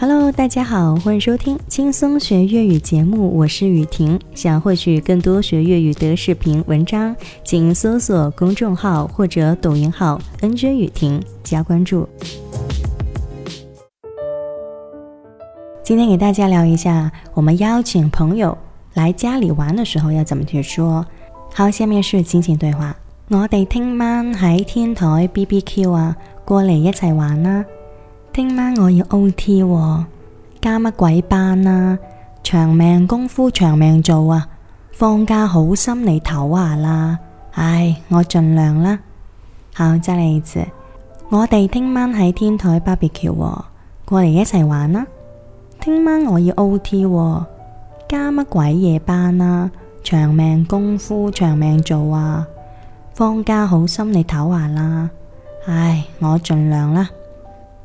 Hello，大家好，歡迎收聽輕鬆學粵語節目，我是宇婷。想獲取更多學粵語的視頻文章，請搜索公眾號或者抖音號 “NJ 宇婷”加關注。今天給大家聊一下，我們邀請朋友來家裏玩的時候要怎麼去說。好，下面是情景對話：我哋聽晚喺天台 B B Q 啊，過嚟一齊玩啦，啊。聽晚我要 OT 喎，加乜鬼班啊？長命功夫長命做啊！放假好心你唞下啦。唉，我盡量啦。好，再嚟一次，我哋聽晚喺天台 BBQ 喎，過嚟一齊玩啦。聽晚我要 OT 喎，加乜鬼夜班啊？長命功夫長命做啊！放假好心你唞下啦。唉，我盡量啦。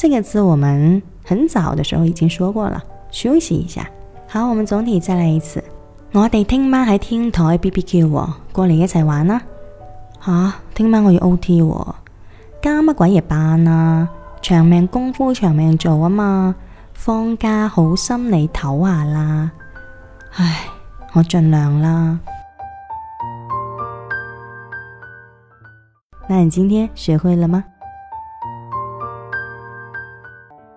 這個字，我們很早的時候已經說過了，休息一下。好，我們總體再來一次。我哋聽晚喺天台 BBQ，喎，過嚟一齊玩啦。吓、啊，聽晚我要 OT，喎。加乜鬼嘢班啊？長命功夫長命做啊嘛，放假好心你唞下啦。唉，我盡量啦。那你今天學會了嗎？